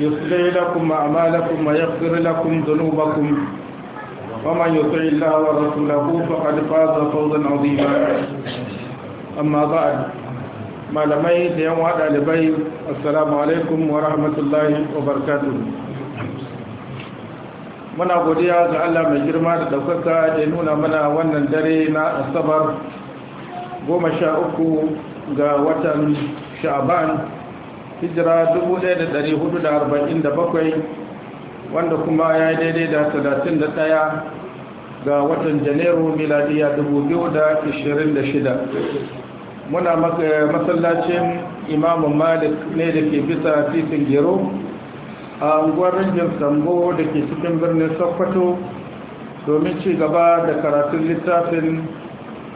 يصلح لكم أعمالكم ويغفر لكم ذنوبكم ومن يطع الله ورسوله فقد فاز فوزا عظيما أما بعد ما لمي ليوم هذا لبي السلام عليكم ورحمة الله وبركاته muna godiya ga Allah mai girma da daukaka da nuna mana wannan dare na asabar goma sha uku ga watan sha'aban hijira 1447 wanda kuma ya yi daidai da 31 ga watan janairu miladiya 2026 muna masallacin imamu malik ne da ke bisa titin gero a unguwar rangin sambo da ke cikin birnin sokoto domin ci gaba da karatun littafin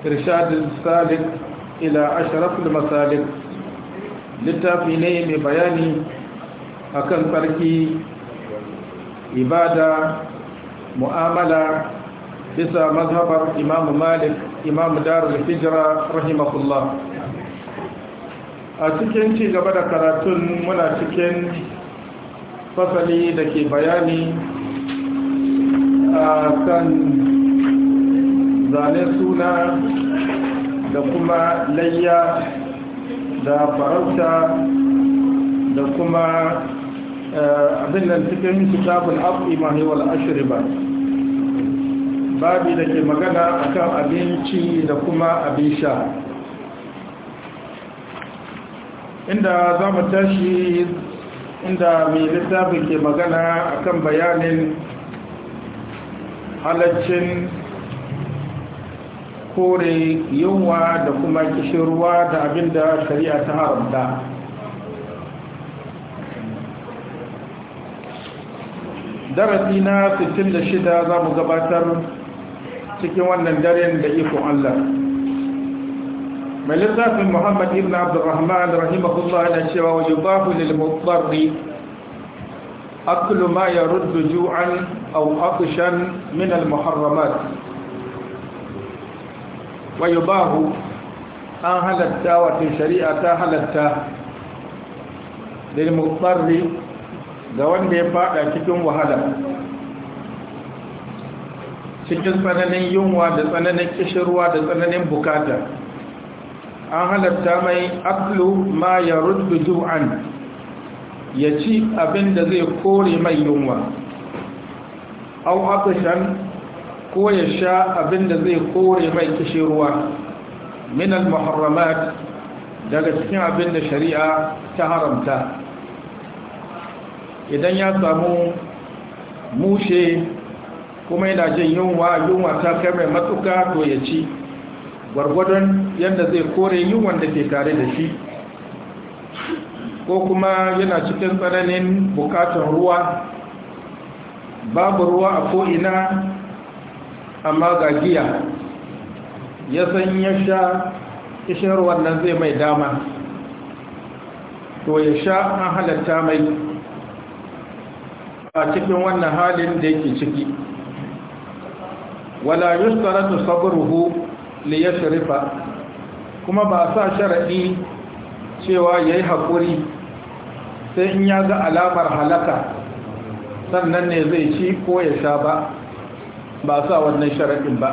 irshadin salik ila ashirafin masalik littafi ne mai bayani akan tsarki ibada mu'amala bisa mazhabar imam malik imam darul hijira rahimahullah a cikin ci gaba da karatun muna cikin fasali da ke bayani a kan zane suna da kuma layya da farauta da kuma eh, abin nan cikin kitabul afima ne wal ashriba babi da ke magana akan abinci da kuma abin sha inda za mu tashi inda mai littafin ke magana akan bayanin halaccin kore yunwa da kuma kishirwa da abinda shari'a ta haramta darasi na 66 za mu gabatar cikin wannan daren da ikon Allah mai littafin muhammad ibn abdurrahman rahimahullah na cewa wajen babu lilmutsarri aklu ma ya ruddu ju'an au akushan min al-muharramat ويباه yubahu an halatta wato shari'a ta halatta lil muqtarri ga wanda ya cikin wahala cikin tsananin yunwa da tsananin kishirwa da tsananin bukata an halatta mai aklu ma ya rudu ju'an ya ci abin da zai kore mai yunwa au akushan ko ya sha abin da zai kore mai kishirwa min al-muharramat daga cikin abin da shari'a ta haramta idan ya samu mushe kuma yana jin yunwa yunwa ta kai mai matuka to ya ci gwargwadon yadda zai kore yunwan da ke tare da shi ko kuma yana cikin tsananin bukatun ruwa babu ruwa a ko'ina amma ga giya ya san ya sha kishiyar wannan zai mai dama to ya sha an halatta mai a cikin wannan halin da yake ciki wala yustaratu sabruhu li yashrifa kuma ba sa sharadi cewa yayi hakuri sai in ya ga alamar halaka sannan ne zai ci ko ya sha ba ba sa wannan sharaɗin ba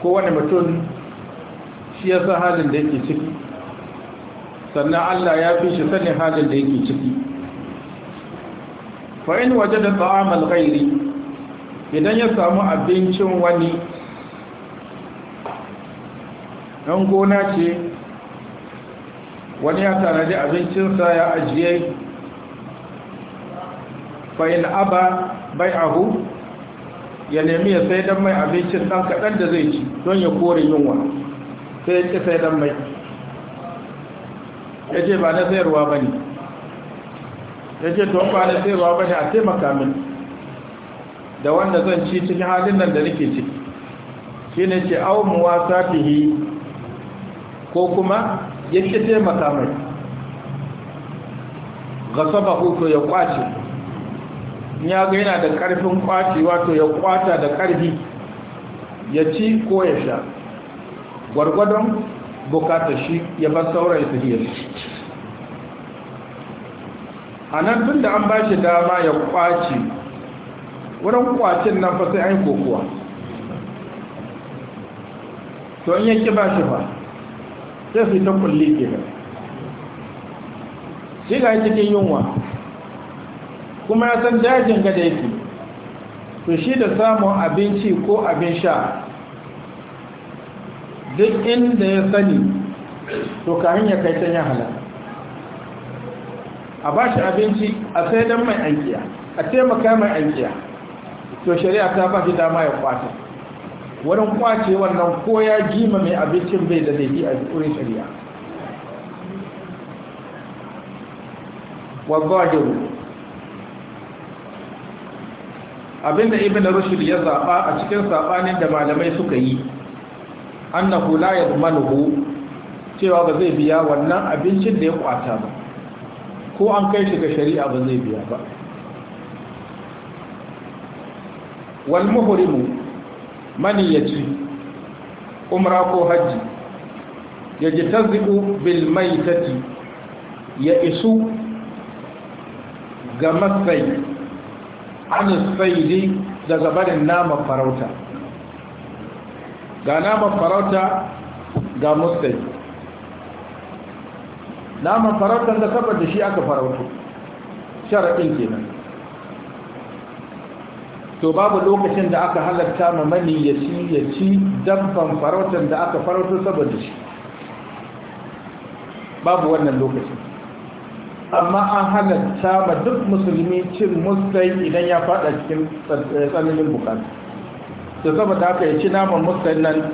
kowane mutum shi ya san halin da yake ciki sannan Allah ya fi shi sanin halin da yake ciki fa'in waje da ta'amal gairi idan ya samu abincin wani ɗan gona ce wani ya tanadi abincinsa ya ajiye fa'in aba bai ahu ya nemi ya sai dan mai abincin dan kaɗan da zai ci don ya kore yunwa sai ya ci sai dan mai ya ce ba na sayarwa ba ne ya ce don ba na sayarwa ba ne a taimaka min da wanda zan ci cikin halin nan da nake ci. shi ne ce au muwasa ko kuma ya ci taimaka mai gasabahu ko ya kwace ya ga yana da karfin kwaci wato ya kwata da karfi ya ci ko ya sha gwargwadon bukata shi ya bar su ya tafiya a nan tun da an ba shi dama ya kwaci wurin kwacin nan fa sai an kokowa to in yake ba shi ba, sai su yi ta kulle kenan shi ga cikin yunwa kuma ya san dajin gada yake to shi da samun abinci ko abin sha duk inda ya sani to kayan ya kai can ya halaka a ba shi abinci a sai don mai aikiya a taimaka mai aikiya to shari'a ta ba shi dama ya kwata wurin kwace wannan ko ya jima mai abincin bai da daidai a wurin shari'a wa gajiru Abin da ibn rushd ya zaba a cikin sabanin da malamai suka yi annahu la yadmanuhu cewa ba zai biya wannan abincin da ya kwata ba ko an kai shi ga shari'a ba zai biya ba wal muhrimu yaji umra ko Haji? ya ji bil maitati ya isu ga matsayi an saidi daga barin naman farauta ga naman farauta ga mustai naman farautar da saboda shi aka farauto sharaɗin kenan to babu lokacin da aka halarta ma mani ya ci ya ci dabban farautar da aka farauto saboda shi babu wannan lokacin amma an halatta ba duk musulmi cin mustai idan ya fada cikin tsananin bukatu da saboda haka ya ci naman mustai nan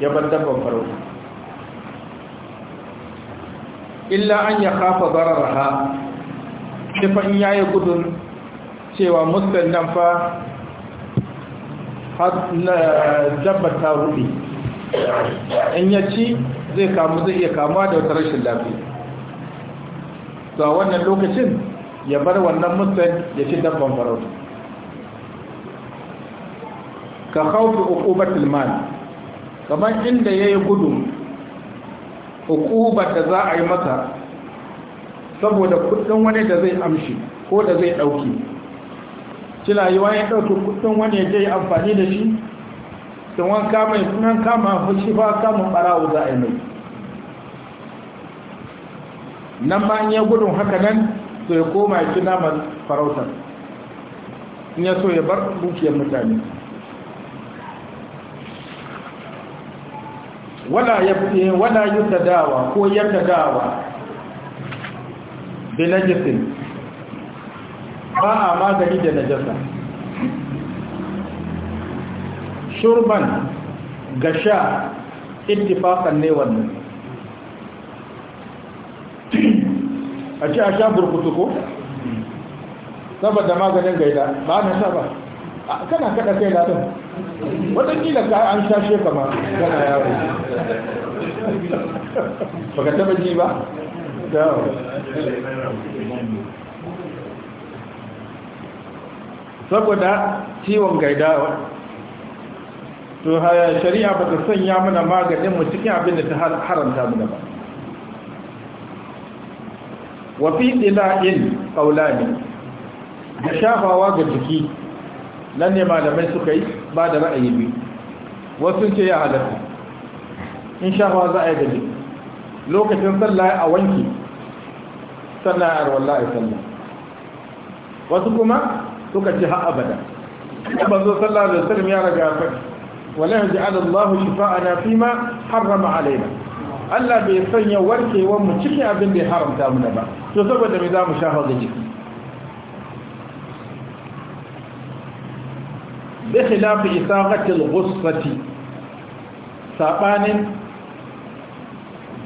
ya bar dabban farauta illa an ya kafa shi fa in yi gudun cewa mustai nan fa har dabba ta rubi in ya ci zai kamu zai iya kamuwa da wata rashin lafiya to a wannan lokacin ya bar wannan mustan ya ci dabban farauta ka khawfi uqubatil mal kamar inda ya yi gudu uqubar da za a yi mata saboda kudin wani da zai amshi ko da zai dauki cila yi wani dauki kudin wani ya je amfani da shi don wanka mai sunan kama fushi ba kamun barawo za a yi mai nan ma in ya gudun haka nan to ya koma ya ci naman farautar in ya so ya bar dukiyar mutane wala ya fi wala yadda dawa ko yadda dawa binajisin ba a magani da najasa shurban ga sha ittifaqan ne wannan a ce a sha burkutu ko saboda maganin gaida ba na sha ba kana kada kai na ɗin watakila ka an sha shi kama kana yaro ba Baka taba ji ba saboda ciwon gaida to shari'a ba ta sanya mana maganin mu cikin abin da ta haramta mana ba wa fi ɗila'in ƙaulani da shafawa ga jiki nan ne malamai suka yi ba da ra'ayi biyu wasu ce ya halatta in shafawa za a yi da jiki lokacin sallah a wanki sannan a arwallah a sallah wasu kuma suka ci har abada ba zo sallah da sallam ya raga faɗi wala yaj'al Allahu shifa'ana ma harrama alaina Allah bai sanya warkewar mu cikin abin da ya haramta mana ba to saboda mai za mu sha ga jiki da khilafi isaqatil ghussati saɓanin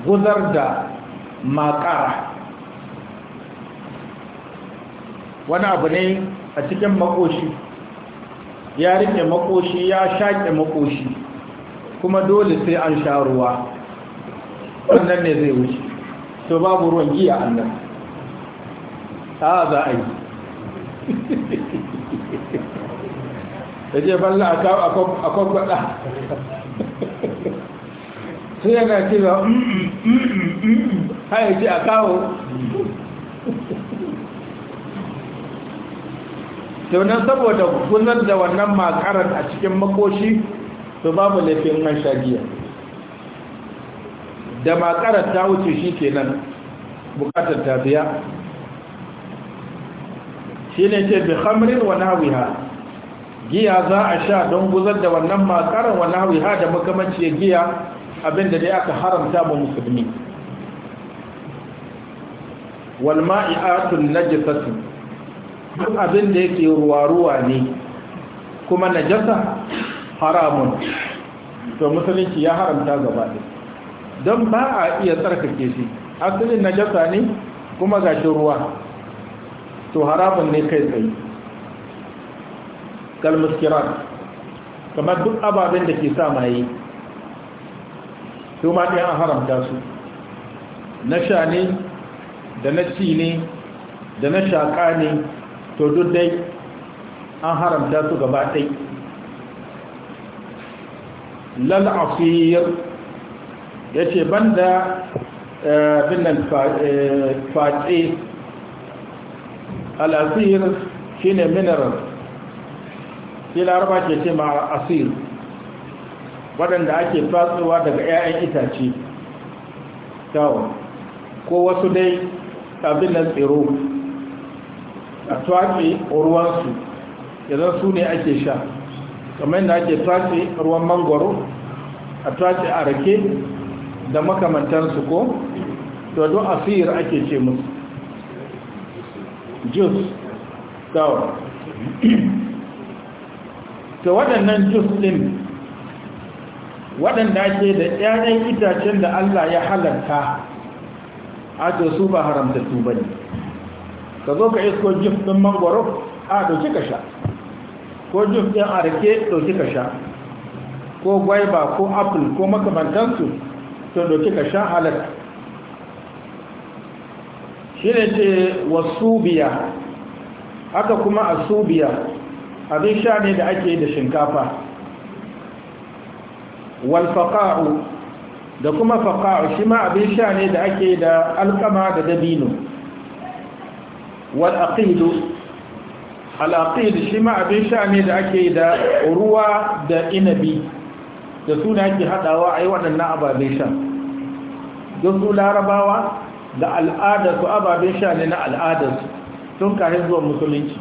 guzar da makara wani abu ne a cikin makoshi ya rike makoshi ya shaƙe makoshi kuma dole sai an sha ruwa wannan ne zai wuce to babu ruwan giya annan a za a yi ya ce balla a kawo a kwakwada sai yana cewa mm, mm, mm, haya ce a kawo tunan saboda gunar da wannan makarar a cikin makoshi to babu laifin man shagiya da makarar ta wuce shi kenan bukatar ta biya shi ne ce bi hamrin wa nawiha giya za a sha don guzar da wannan makaran wa nawiha da ya giya abinda dai aka haramta ba musulmi wal ma'i'atun najasatu duk abinda yake ruwa-ruwa ne kuma najasa haramun to musulunci ya haramta gaba ɗaya don ba a iya tsarkake shi asalin najasa ne kuma gashi ruwa to haramun ne kai tsaye kalmuskiran kamar duk ababen da ke sa maye to ma ɗaya an haramta su na sha ne da na ci ne da na shaƙa ne to duk dai an haramta su gaba ɗai lal'afiyar ya ce ban da eh, binnan fatse eh, al'asir shi ne mineral shi laraba ke ce ma asir waɗanda ake fasowa daga 'ya'yan itace kyau ko wasu dai abin nan tsiro a ruwansu yanzu su ne ake sha kamar yadda ake tuwaƙi ruwan mangoro a a rake da makamantansu ko to don asir ake ce musu jus dawa ta waɗannan jus ɗin waɗanda ake da ƴaƴan itacen da Allah ya halarta a to su ba haramtattu ba ne ka zo ka isko jus ɗin mangwaro a ɗauki ka sha ko jus ɗin arke ɗauki ka sha ko gwaiba ko apple ko makamantansu to ɗauki ka sha halarta shi ne ce wasu biya haka kuma a su abin sha ne da ake yi da shinkafa walfaƙa'u da kuma faƙa'u shi ma abin sha ne da ake yi da alkama da dabino wal'aƙilu al'aƙil shi ma abin sha ne da ake yi da ruwa da inabi da suna ake haɗawa a yi waɗannan ababen sha don su larabawa da al'adarsu ababen sha ne na al'adarsu tun kahin zuwa musulunci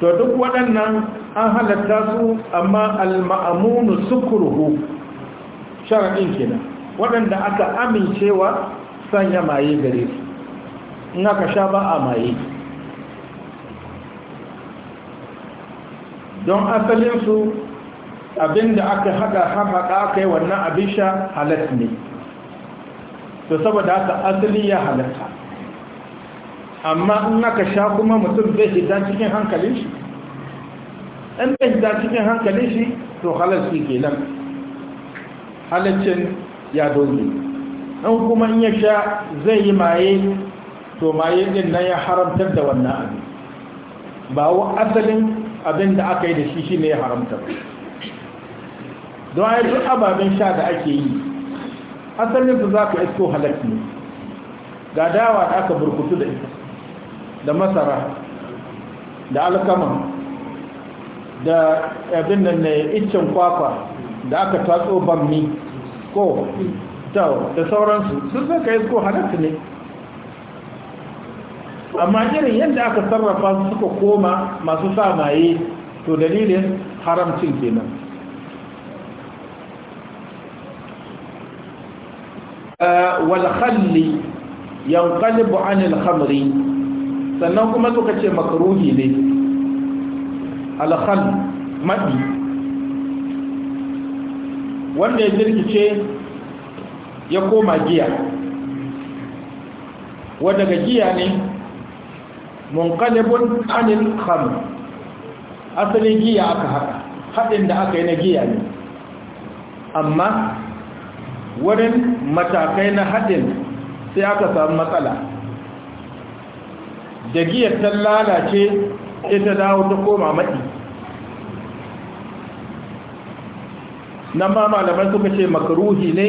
to duk waɗannan an halatta su amma al-ma'amunu sukuruhu sharaɗin kenan waɗanda aka amincewa sanya maye gare su in aka sha ba a maye don asalinsu abinda aka haɗa haɗa aka yi wannan abin sha halatta ne to saboda haka asali ya halatta amma in aka sha kuma mutum zai shiga cikin hankalin shi in zai shiga cikin hankalin shi to halarci ke nan halarcin ya dole in kuma in ya sha zai yi maye to maye din nan ya haramtar da wannan abin ba wa asalin abin da aka yi da shi shi ne ya haramta don don duk ababen sha da ake yi asalin su za ku isko halakki ga dawa da aka burkutu da ita da masara da alkama da abin nan ne iccen kwakwa da aka tatso bammi ko da sauransu sun zaka isko halakki ne amma irin yadda aka sarrafa su suka koma masu samaye to dalilin haramcin kenan walhalli khalli yanqalibu anil khamri sannan kuma suka ce makruhi ne al khall madi wanda ya jirkice ya koma giya wadda ga giya ne munqalibun anil khamr asalin giya aka haɗin da aka yi na giya ne amma wurin matakai na haɗin sai aka samu matsala da giyar ta lalace ita dawo ta koma maɗi nan ma malaman suka ce makaruhi ne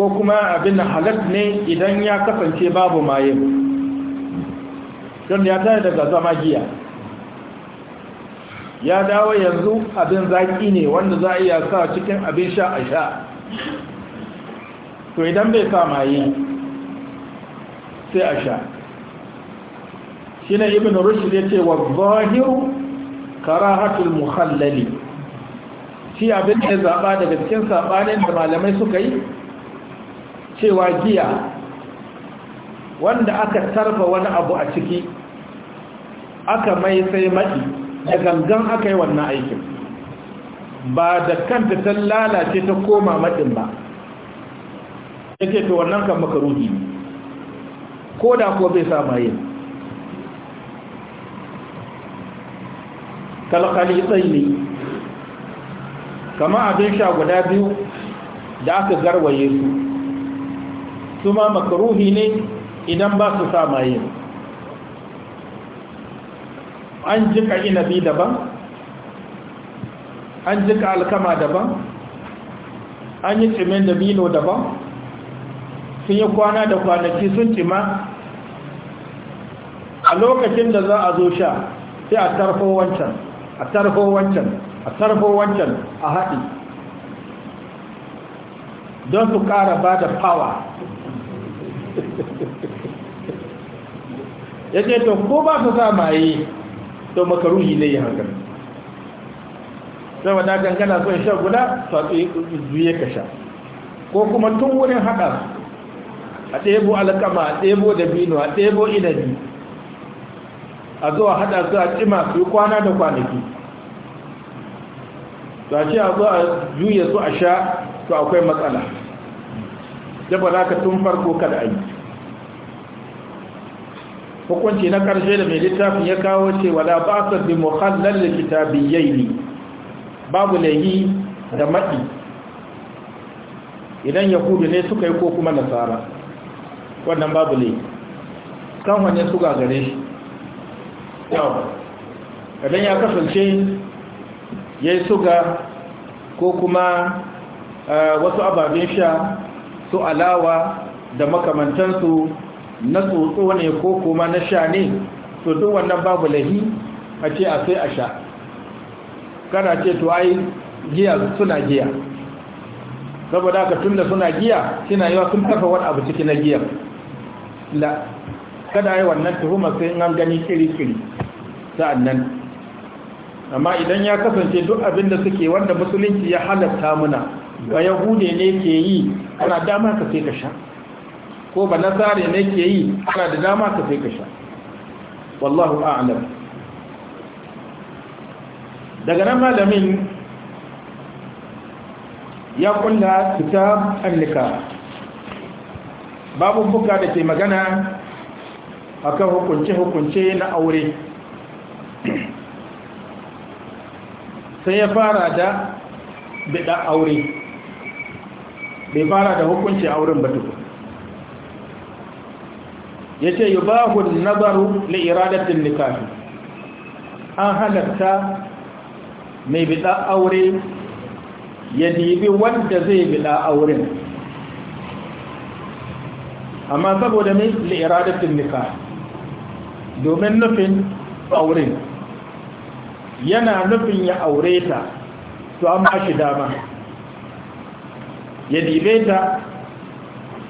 ko kuma abin halat ne idan ya kasance babu maye don ya tare daga zama giya ya dawo yanzu abin zaƙi ne wanda za a iya sa cikin abin sha a sha to idan bai sa yi sai a sha shi ne ibn rushd ya ce wa zahiru karahatul muhallali shi abin da zaɓa daga cikin saɓanin da malamai suka yi cewa giya wanda aka tarfa wani abu a ciki aka mai sai maɗi da gangan aka yi wannan aikin ba da kanta ta lalace ta koma maɗin ba yake to wannan kan makaruhi ko da ko bai sa maye kalkali tsaini kama abin sha guda biyu da aka garwaye su su ma makaruhi ne idan ba su sa maye an jika inabi daban an jika alkama daban an yi tsimin dabino daban sun yi kwana da kwanaki sun cima a lokacin da za a zo sha sai a tarfo wancan a tarfo wancan a tarfo wancan a haɗi don su ƙara ba da fawa ya ce to ko ba su sa yi to makaruhi ne ya hankali gana gangana in sha guda su zuye ka sha ko kuma tun wurin haɗa a ɗebo alkama a ɗebo dabino a ɗebo inabi a zo a haɗa su a ƙima su yi kwana da kwanaki to a ce a zo a juya su a sha to akwai matsala daba za ka tun farko kada a yi hukunci na ƙarshe da mai littafin ya kawo ce wala ba su bi muhallar da biyayi ne babu lahi da maɗi idan yahudu ne suka yi ko kuma nasara wannan babu ne kan wanne su gagare shi yau kadan ya kasance ya yi suga ko kuma eh, wasu ababen sha su alawa da makamantansu na tsotso ne ko kuma na sha ne to duk wannan babu lahi a ce a sai a sha kana ce to ai giya suna giya saboda ka tunda suna giya suna wa sun tafa wani abu ciki na giya la kada yi wannan tuhuma sai an gani kiri-kiri sa'annan amma idan ya kasance duk abin da suke wanda musulunci ya halatta muna ba yahude ne ke yi ana dama ka sai ka sha ko ba nasare ne ke yi ana da dama ka sai ka sha wallahu a'lam daga nan malamin ya kulla kitab annika babubuka da ke magana akan hukunce-hukunce na aure sai ya fara da bida aure bai fara da hukunci auren batuku ya ce yi bahun nazaru na iradatin nikafi an halarta mai bida aure ya dibi wanda zai bida auren amma saboda mai li'iradatin nika domin nufin auren yana nufin ya aure ta to an ba shi dama ya dibe ta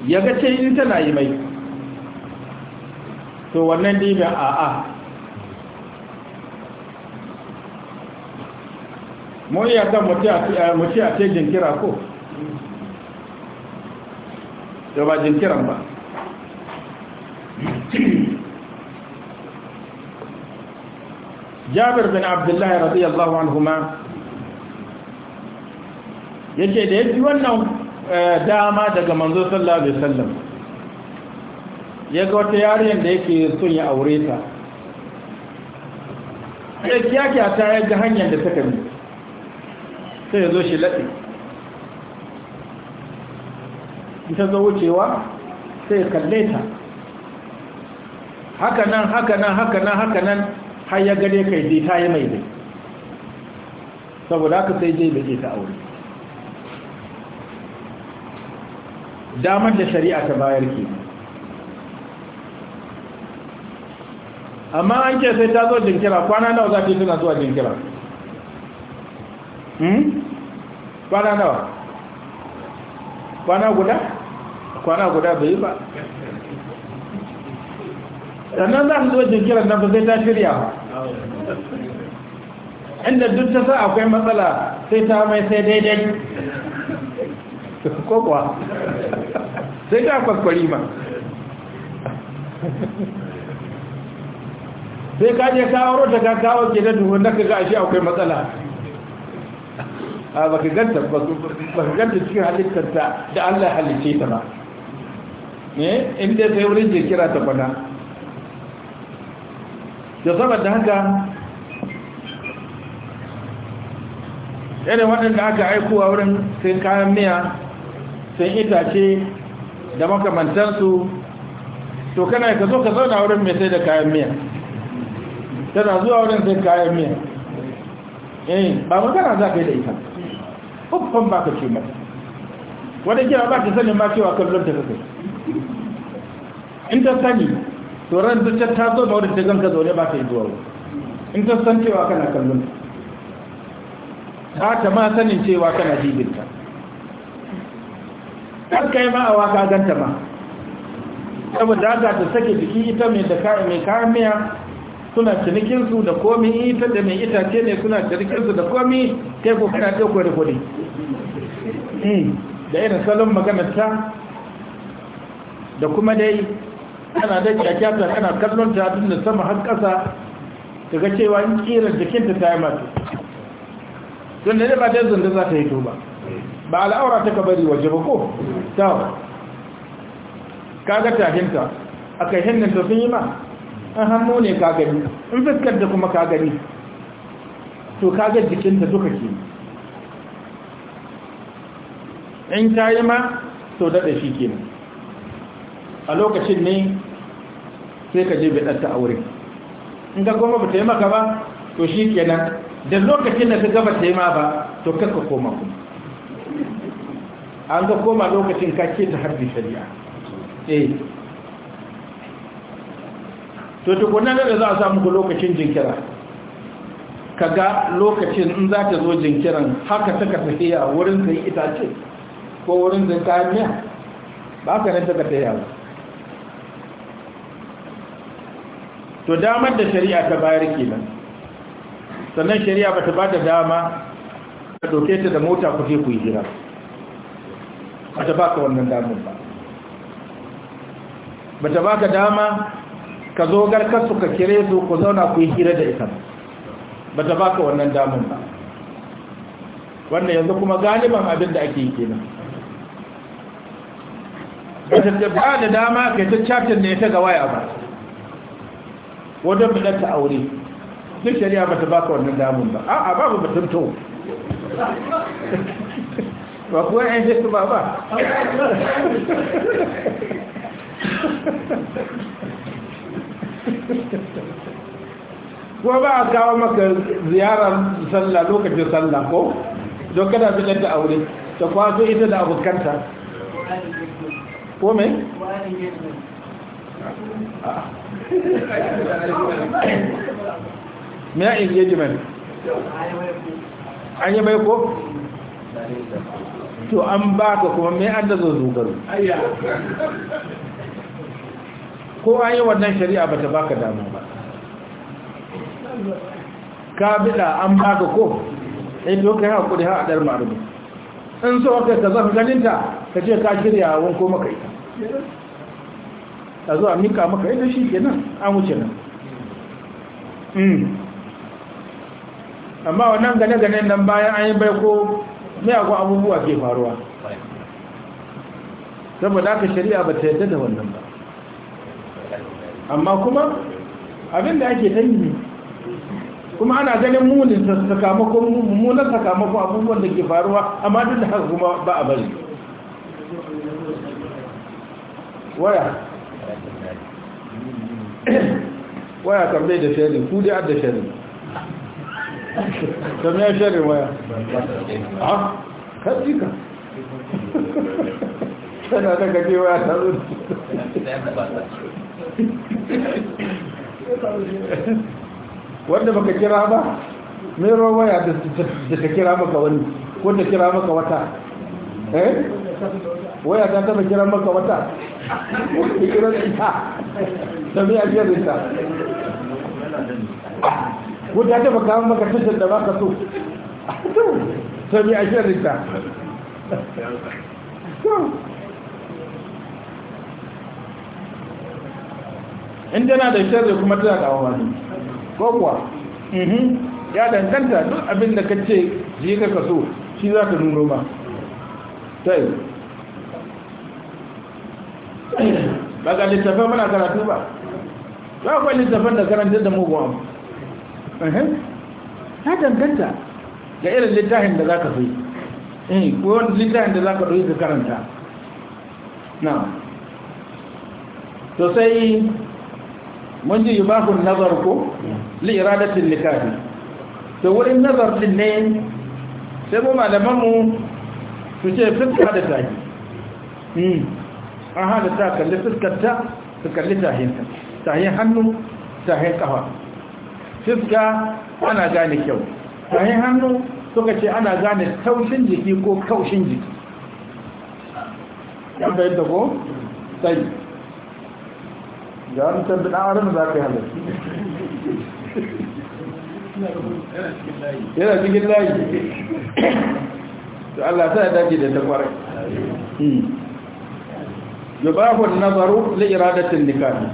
ya ga ce in tana yi mai to wannan a a'a eh, mu iya kan mutu a ce jinkira ko da ba jinkiran ba jabir bin abdullahi radiyallahu anhuma yace da yaji wannan eh, dama daga manzo sallallahu alaihi wasallam ya ga wata yarin da yake son ya aure ta ya kiyaka ta ya hanyar da take bi sai ya zo shi latsi ita zo wucewa sai ya kalle ta haka nan haka nan haka nan haka nan har ya gane kai dai ta yi mai dai saboda haka sai dai ke ta aure damar da shari'a ta bayar ke amma an ce sai ta zo jinkira kwana nawa za ta yi zuwa jinkira hmm? kwana nawa kwana guda kwana guda bai ba sannan za su zo jinkira nan ba zai ta shirya ba inda duk ta sa akwai matsala sai ta mai sai daidai ko kuwa sai ta kwakwari ma sai ka je kawo rota ka kawo ke da duhun da ka ga ashe akwai matsala a baka ganta baka ganta cikin halittarta da Allah halice ta ba ne inda sai wurin jikira ta bana da saboda haka irin waɗanda aka aiko a wurin sai kayan miya sun itace da makamantansu to kana ka zo ka zauna wurin mai sai da kayan miya tana zuwa wurin sai kayan miya eh ba magana za ka yi da ita uffan ba ka ce mai wadda kira ba ta sanin ma cewa kallon ta kai in ta sani to ran zuciyar ta zo da wadda ta ganka zaune ba ta yi duwa in ta san cewa kana kallon ta ta ma sanin cewa kana jibinta kan kai ma a waka ganta ma saboda haka ta sake jiki ita mai da kayan mai kayan miya suna cinikinsu da komi ita da mai itace ne suna cinikinsu da komi kai ko kana ɗauko da kuɗi hmm, da irin salon maganarta da kuma dai kana da kyakkyata kana kallon ta tun da sama har ƙasa daga cewa in kira jikinta ta yi mata don da ba ta zanda za ta yi tuba ba ba al'aura ta ka bari waje ba ko ta kaga tahinta a kai hinna ta sun yi ma an hannu ne ka gani in fuskar da kuma ka gani to kaga jikinta duka ke in ta yi ma to daɗa shi kenan a lokacin ne sai ka je a wurin in ka goma ba ta yi maka ba to shi kenan da lokacin da ka gaba ta yi ma ba to kaka koma ku an ga koma lokacin ka ke ta harbi shari'a eh to tukunan da za a samu ku lokacin jinkira ka ga lokacin in za ta zo jinkiran haka ta tafiya wurin ka yi itace ko wurin zai miya ba ka nan ta tafiya ba to damar da shari'a ta bayar kenan sannan shari'a ba ta bada dama ka doke ta da mota ku je ku yi jira ba ta baka wannan damar ba ba ta baka dama ka zo garkar su ka kire su ku zauna ku yi hira da ita ba ta baka wannan damar ba wannan yanzu kuma galiban abin da ake yi kenan ba ta da dama kai ta chatin da ita ga waya ba wajen bidanta aure duk shari'a bata baka wannan damun ba a a babu batun to ba kuwa yan shi ba ba kuma ba a kawo maka ziyarar sallah lokacin sallah ko don kada fitar da aure ta kwaso ita da abokanta ko mai? me ya engagement an yi maiko to an baka kuma me an da zozogaro ko an yi wannan shari'a ba ta baka damu ba ka bida an baka ko in doka ya haƙuri ha a ɗar ma'arbi in so ka zafi ganinta ka ce ka shirya wanko ko ita a zuwa mika maka yadda shi ke nan an wuce nan hmm. amma wannan gane-gane nan bayan an yi ko, miyagun abubuwa ke faruwa saboda aka shari'a ba ta yadda da wannan ba amma kuma abinda ake tanyi kuma ana ganin munin sakamakon mummunan sakamakon abubuwan da ke faruwa amma duk da haka kuma ba a bari waya waya tambaye da shari ku dai adda shari tambaye shari waya ha ka. Kana da kaji waya ta zo wanda baka kira ba ro waya da ta kira maka wani ko da kira maka wata eh waya ta ta kira maka wata ko kira ita sami a ajiyar rita wata ta baka kawo ka tushen da baka so sami a ajiyar rita in na da shirya kuma tana da amfani ko kuwa mhm. ya danganta duk abin da ka ce ji ka kaso shi za ka nuno ma ta ba ga littafai muna karatu ba za ku littafin da karanta da mu gwamu ta danganta ga irin littafin da za ka fi eh ko littafin da za ka ɗauki ka karanta na to sai mun ji yubahun nazar ko li iradatin likafi to wurin nazar din ne sai mu malaman mu su ce fiska da taki hmm. an ta kalli fuskarta su kalli tahinta tahin hannu tahin kafa fuska ana gane kyau tahin hannu suka ce ana gane taushin jiki ko kaushin jiki yan bayan da ko sai ga wani da ɗan arin za ka yi halarci yana cikin layi to Allah ta daji da ta kwarai hmm. yubahu an-nazaru li iradati an-nikah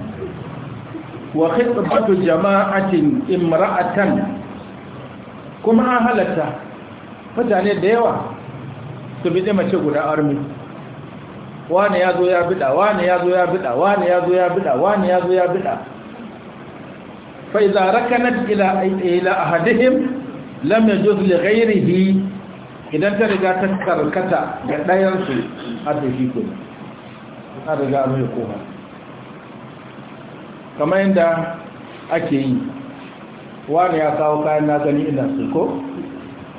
wa in jama'atin imra'atan kuma an halarta. mutane da yawa su bi mace guda armi wani ya zo ya bida wani ya zo ya bida wani ya zo ya bida wani ya zo ya bida fa idza rakanat ila ila ahadihim lam yajuz li idan ta riga ta karkata ga ɗayarsu a tafi an riga an yi koma kamar yadda ake yi wani ya kawo kayan na gani ina su ko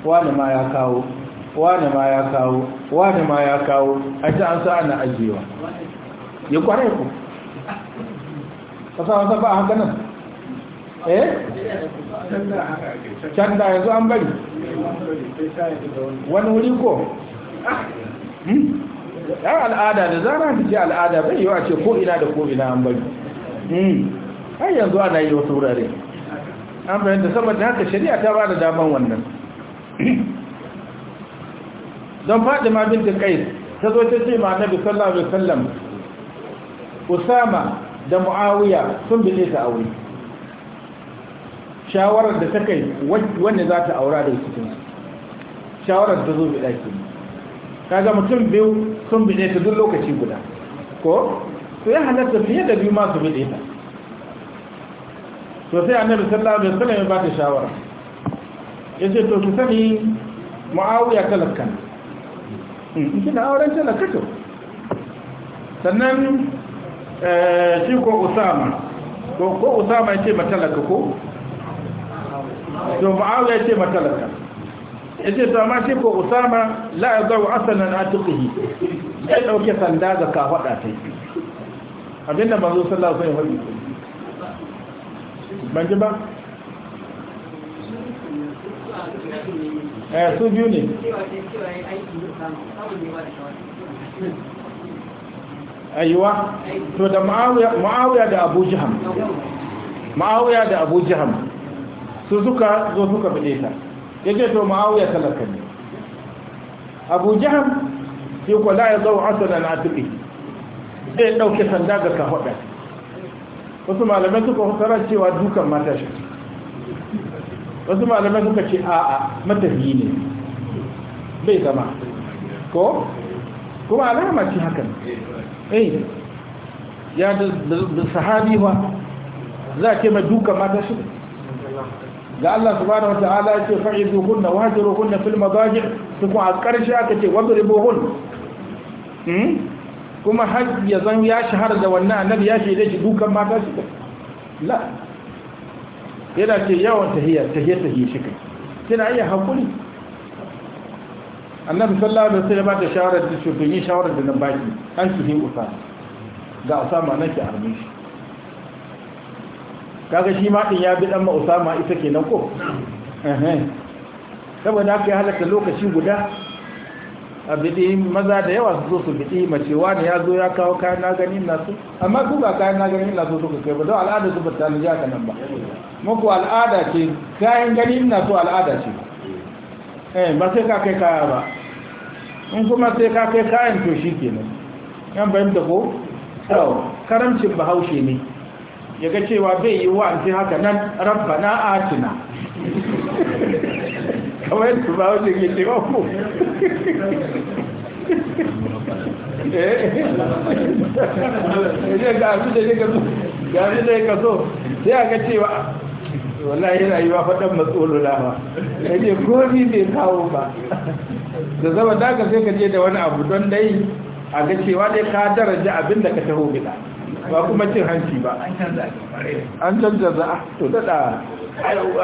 wani ma ya kawo wani ma ya kawo wani ma ya kawo a ji an sa ajiyewa ya kware ku kasa wasa ba haka nan eh can da yanzu an bari wani wuri ko hmm? ya al'ada da zara da ce al'ada bai yiwa ce ko ina da ko ina an bari har hmm. yanzu ana yi wasu wurare an da saboda haka shari'a ta ba da daman wannan don faɗi ma binta kai ta zo ta ce ma na sallallahu alaihi wasallam usama da muawiya sun bi ta aure shawarar da ta kai wanne za ta aura da cikin shawarar ta zo bi ɗaki kaga mutum biyu sun bide ta duk lokaci guda ko to ya halatta fiye da biyu masu bide ta to sai annabi sallallahu alaihi wasallam ya ba ta shawara yace to ki sani muawiya talakkan hmm, in kina auren talakka to sannan eh, shi ko usama ko ko usama yace matalaka ko to muawiya yace matalaka ya ta to amma shi ko usama asana ya zau asalan a tukuhi ɗauke sanda ga kafaɗa ta yi abinda manzo sallallahu alaihi wasallam ban ji ba eh to da ma'awiya da abu jiham ma'awiya da abu jiham su suka zo suka ta ya to ma'awiya talaka ne abu jihar shi ko la ya zau asana na tuki zai ɗauke sanda ga ka kafaɗa wasu malamai suka hutara cewa dukan mata shi wasu malamai suka ce a'a matafiyi ne bai zama ko kuma alama ce hakan eh ya da sahabi ba za a ce mai dukan mata shi ga Allah subhanahu wataala ya ce fa'izu hunna wajiru hunna fil madaji su kuma a ƙarshe aka ce wadribu hun hmm? kuma har ya zan ya shahara da wannan annabi ya shaide shi dukan mata su la yana ce yawan tahiyya tahiyya tahiyya shi kai kina iya hakuri annabi sallallahu alaihi wasallam ba ta shawara da shi to yi shawara da nan baki an shi usama ga usama nake armishi kaga shi ma din ya bi dan Usama ita kenan ko eh saboda kai halaka lokaci guda a bidi maza da yawa su zo su bidi mace wani ya zo ya kawo kayan na gani na su amma su ba kayan na gani na su suka kai ba don al'ada su ba ta lija ka nan ba muku al'ada ce kayan gani na su al'ada ce eh ba sai ka kai kaya ba in kuma sai ka kai kayan to shi kenan yan bayan da ko karamcin bahaushe ne ya ga cewa bai yi wa sai haka nan na atina kawai su ba wajen ya ce wako eh ga su da ya so ga su da ya su sai a ga cewa wallahi rayuwa faɗan matsolo ba ya ce gobi bai kawo ba da zama daga sai ka je da wani abu don dai a ga cewa dai ka daraja abin da ka taho gida ba kuma cin hanci ba an canza za a to dada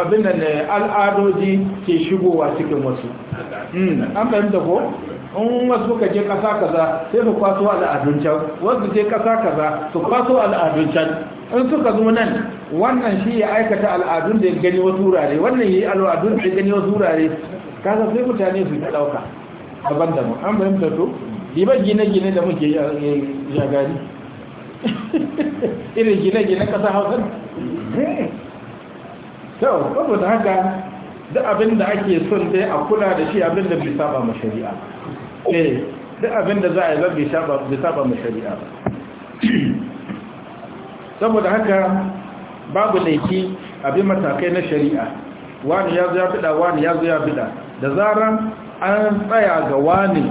abinda ne al'adoji ke shigowa cikin wasu hmm, an fahimta ko in wasu suka je kasa kaza sai su kwaso al'adun can wasu je kasa kaza su kwaso al'adun can in suka zo nan wannan shi ya aikata al'adun da ya gani wasu wurare wannan ya yi al'adun da ya gani wasu wurare kasa sai mutane su ta ɗauka daban-daban an fahimta to liban gine-gine da muke eh, ya gani irin gine-ginen ƙasar hausar yau eh. saboda haka duk abin da ake son dai a kula da shi abin da bai ba ma shari'a eh duk abin da za a yi ba bai ba ma shari'a ba saboda haka babu laifi abin matakai na shari'a wani ya zo ya fida wani ya zo ya fida da zaran an tsaya ga wani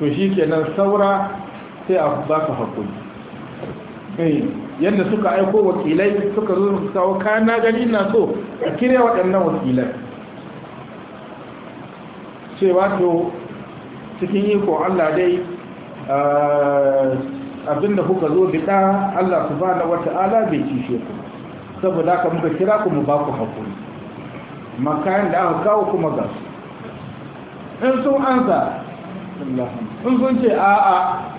to shi kenan saura sai a baka hakuri Eh, yadda suka aiko wakilai suka zo su kawo kayan na gani na so a kire waɗannan wakilai cewa to cikin iko Allah dai eh, abinda kuka zo biɗa Allah su wata ala bai cishe ku saboda haka muka kira ku mu ba ku hakuri makayan da aka kawo kuma ga su in sun ansa in sun ce a'a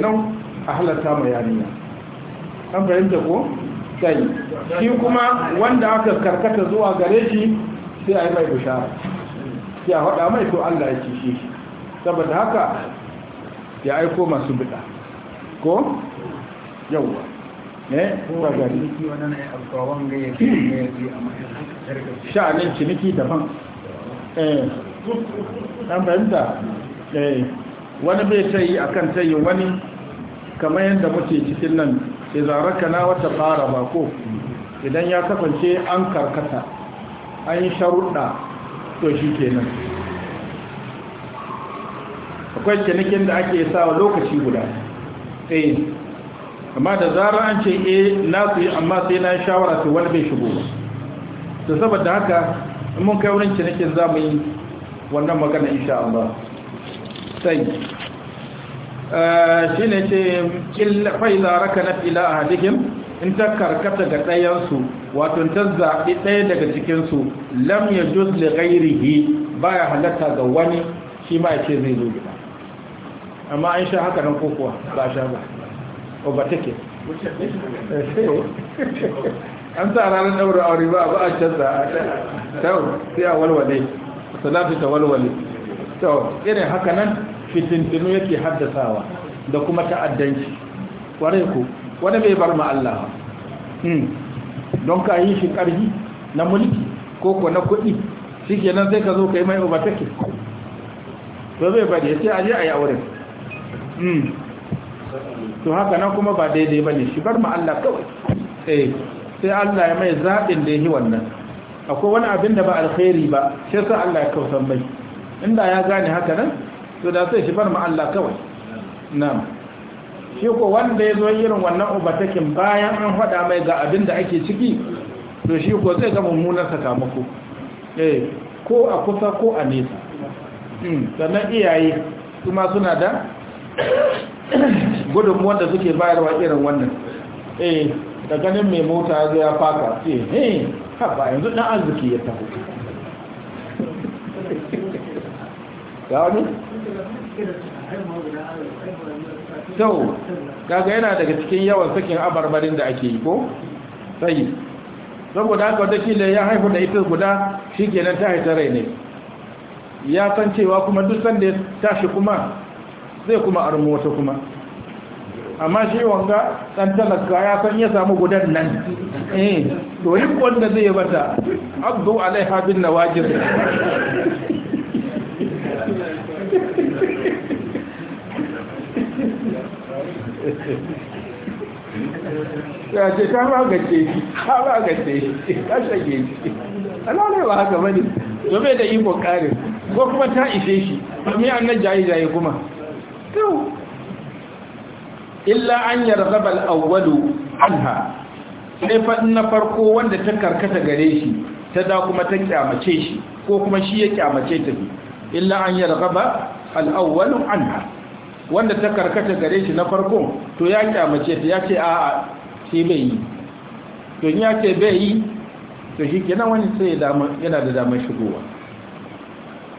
nan. a halatta ma yariya an fahimta ko sai shi kuma wanda aka karkata zuwa gare shi sai a yi mai bishara sai a faɗa mai to Allah ya ci shi saboda haka ya aiko masu bida ko yawwa ne kuma gari sha'anin ciniki daban eh an fahimta eh wani bai sai ta sai wani kamar yadda muke cikin nan izaraka na wata fara bako idan ya kasance an karkata an yi sharuɗa to shi kenan akwai cinikin da ake sawa lokaci guda eh amma da zara an ce eh na su amma sai na shawara su wani bai shigo da saboda haka mun kai wurin cinikin za yi wannan magana insha Allah sai Eh, shi ne ce faiza raka na fila a halihim in ta karkata ga ɗayansu wato ta zaɓi ɗaya daga cikinsu lam ya juz li gairihi ba ya halatta ga wani shi ma ya ce zai zo gida amma an sha haka nan kokowa ba sha ba o ba take an sa ranar ɗaura aure ba ba a canza a ɗaya sai a walwale salafi ta walwale to irin haka nan fitintinu yake haddasawa da kuma ta'addanci ware ku wani bai bar ma Allah hmm. don ka yi shi ƙarfi na mulki ko ko na kuɗi shi nan sai ka zo ka yi mai obatake to zai bari ya ce a je a yi auren hmm. to haka nan kuma ba daidai ba ne shi bar ma Allah kawai Eh sai Allah ya mai zaɓin da yi wannan akwai wani abin da ba alkhairi ba sai sa Allah ya kausan mai inda ya gane haka nan to da sai shi bar ma Allah kawai na'am shi ko wanda ya zo irin wannan ubatakin bayan an faɗa mai ga abin da ake ciki to shi ko zai ga mummunar sakamako eh ko a kusa ko a nesa hmm, sannan iyaye kuma suna da gudun wanda suke bayarwa irin wannan eh da ganin mai mota ya faka ce ha ba yanzu dan arziki ya tafi ga sau kaga yana daga cikin yawan sakin abarbarin da ake yi ko sai saboda haka wata kila ya haifu da ita guda shi kenan ta haita rai ne ya san cewa kuma duk sanda ya tashi kuma zai kuma armo wata kuma amma shi wanga dan talaka ya san ya samu gudan nan eh to yin wanda zai bata abdu alaiha bin nawajir ya ce ta magace shi ta magace shi ta shage shi alalai ba haka bane to bai da iko karin ko kuma ta ishe shi mai annan jaye-jaye kuma to illa an yarzaba al-awwalu anha sai fadin na farko wanda ta karkata gare shi ta da kuma ta kyamace shi ko kuma shi ya kyamace ta bi illa an yarzaba al-awwalu anha wanda ta karkata gare shi na farko to ya kyamace ta ya ce a'a shi bai yi to ya ce bai yi to shi kenan wani sai yana da damar shigowa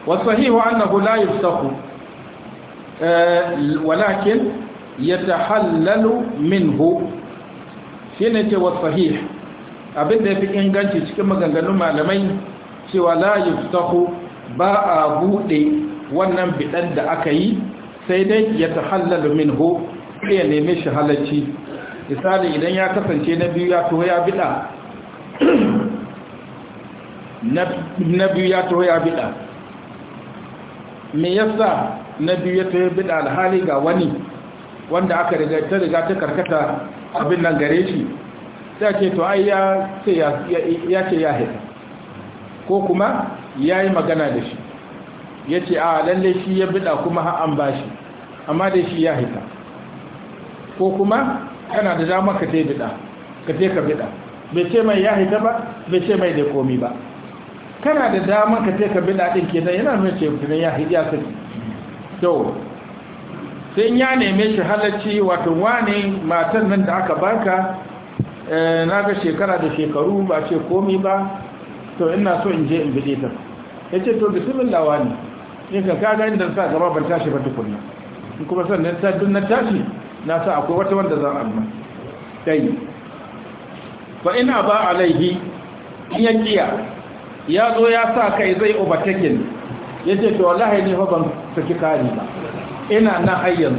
wasu sahihu annahu la yufsahu eh, walakin yatahallalu minhu ne ce wasu sahih abin da fi inganci cikin maganganun malamai cewa la yufsahu ba a bude wannan bidan da aka yi sai dai ya tahallalu min sai ya neme shi halarci misali idan ya kasance na biyu ya taho ya bida na biyu ya taho ya bida mai yasa na biyu ya taho ya bida alhali ga wani wanda aka riga ta riga ta karkata abin nan gare shi sai ce to ai ya ce ya ce ya ko kuma ya yi magana da shi ya ce a lalle shi ya bida kuma ha'an bashi. amma dai shi ya haita ko kuma kana da dama ka te bida ka te ka bida bai ce mai ya haita ba bai ce mai dai komi ba kana da dama ka te ka bida din kenan yana nuna ce mutum ya haita ya saki to sai ya neme shi halacci wato wani matan nan da aka baka eh, na ga shekara da shekaru ba ce komi ba to ina so in je in bide ta ya ce to bisimillah wani ne ka kaga inda sa gaba ban tashi ba tukunna in kuma sannan ta na tashi na sa akwai wata wanda zan amma dai fa ina ba alaihi in ya kiya ya zo ya sa kai zai overtaking yace to wallahi ne fa ban saki kari ba ina na hayyan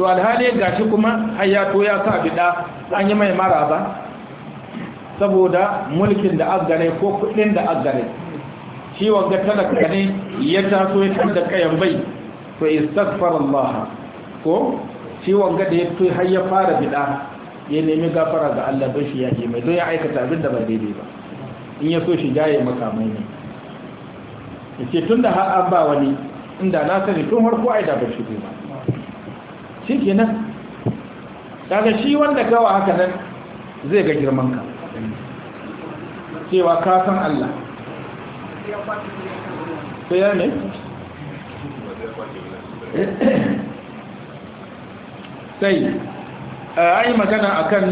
to alhali gashi kuma hayyato ya sa bida an yi mai mara ba saboda mulkin da agare ko kudin da agare shi wanga talaka ne ya taso ya kan da kayan bai to istaghfar Allah ko shi wanga da ya fi har ya fara bid'a ya nemi gafara ga Allah ba shi ya ke mai don ya aikata abin da ba daidai ba in ya so shi jaye makamai ne ya ce tun da har an ba wani inda na sani tun harko ai da ba shi ba shi kenan daga shi wanda gawa haka nan zai ga girman ka cewa ka san Allah sai ya ne sai eh, a yi magana akan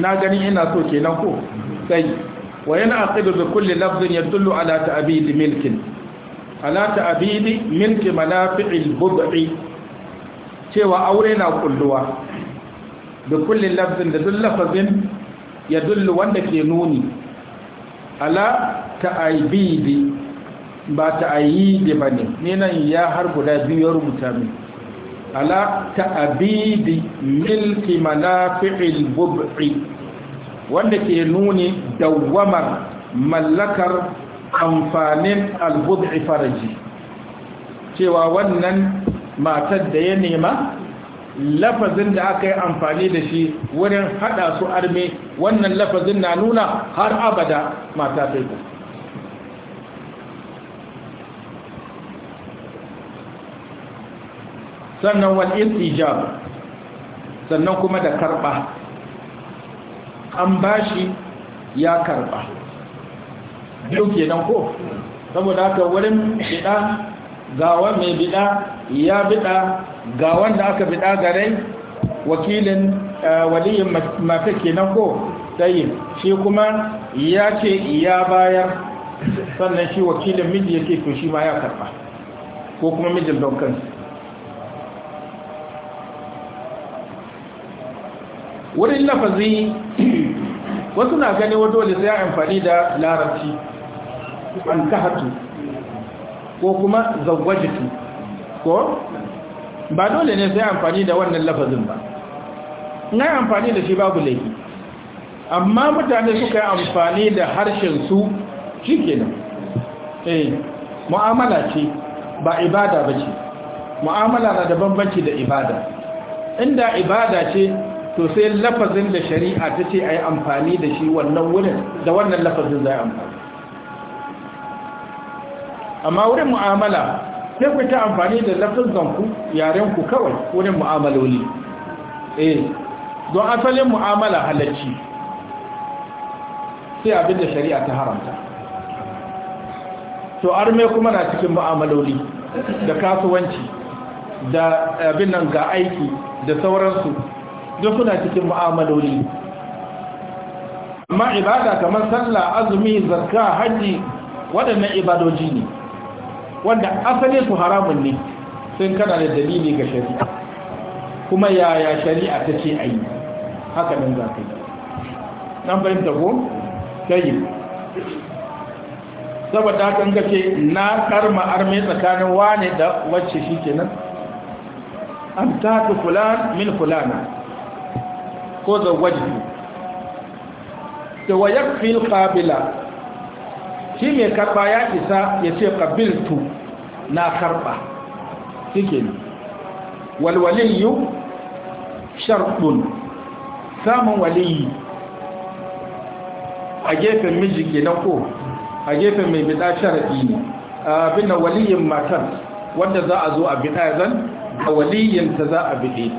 na ganin ina so kenan ko sai wa yana tsibir da kulle lafzin yadullu ala ta'bid milkin ala ta'bid milki manafi'il bud'i cewa aure na kulluwa da kulle lafzin da duk ya yadullu wanda ke nuni ala ta'bid ba ta ayi da ba ne nan ya har guda biyu ya rubuta ta abidi milki malafi'il bub'i wanda ke nuni dawwamar mallakar amfanin albub'i faraji cewa wannan matar da ya nema lafazin da aka yi amfani da shi wurin hada su arme wannan lafazin na nuna har abada mata taiko sannan wal istijab sannan kuma da karba an bashi ya karba duk kenan ko saboda haka wurin bida gawa mai bida ya bida ga wanda aka bida gare wakilin eh, waliyin mata kenan ko sai shi kuma ya ce ya bayar sannan shi wakilin miji ya ce to shi ma ya karba ko kuma mijin don kansu wurin lafazi wasu na gani wato da sai amfani da larabci an kahatu ko kuma zawajitu ko ba dole ne sai amfani da wannan lafazin ba na amfani da shi babu laifi amma mutane suka yi amfani da harshen su shikenan eh mu'amala ce ba ibada ba ce mu'amala na da bambanci da ibada inda ibada ce to sai lafazin da shari'a ta ce a yi amfani da shi wannan wurin da wannan lafazin za a amfani amma wurin mu'amala sai ku ta amfani da lafazanku yarenku kawai wurin mu'amaloli eh don asalin mu'amala halacci sai abinda shari'a ta haramta to arme kuma na cikin mu'amaloli da kasuwanci da abin nan ga aiki da sauransu duk suna cikin mu'amaloli amma ibada kamar sallah azumi zakka haji waɗannan ibadoji ne wanda asalin su haramun ne sun kana da dalili ga shari'a kuma yaya shari'a ta ce a yi haka nan za ka yi nan fahimta ko? ta yi saboda hakan gace na karma arme tsakanin wane da wacce shi kenan an ta fi fulan min fulana ko zawajtu da wa yakfi ƙabila, shi mai karɓa ya isa ya ce ƙabiltu na karɓa. shike walwaliyu wal samun waliyi a gefen miji ke na ko a gefen mai bida sharaɗi ne abin da waliyin matar wanda za a zo a bida zan da waliyinta za a bide